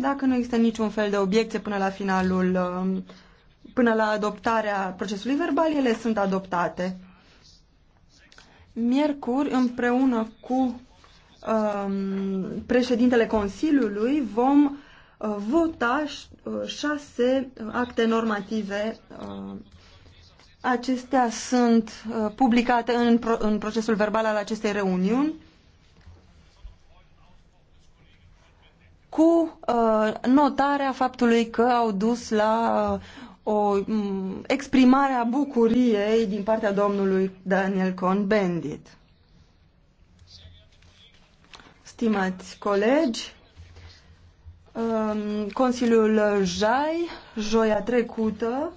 Dacă nu există niciun fel de obiecție până la finalul, um, până la adoptarea procesului verbal, ele sunt adoptate. Miercuri, împreună cu um, președintele Consiliului, vom uh, vota uh, șase acte normative uh, Acestea sunt publicate în, pro în procesul verbal al acestei reuniuni. cu uh, notarea faptului că au dus la uh, o um, mm, exprimare a bucuriei din partea domnului Daniel Cohn-Bendit. Stimați colegi, uh, Consiliul Jai, joia trecută,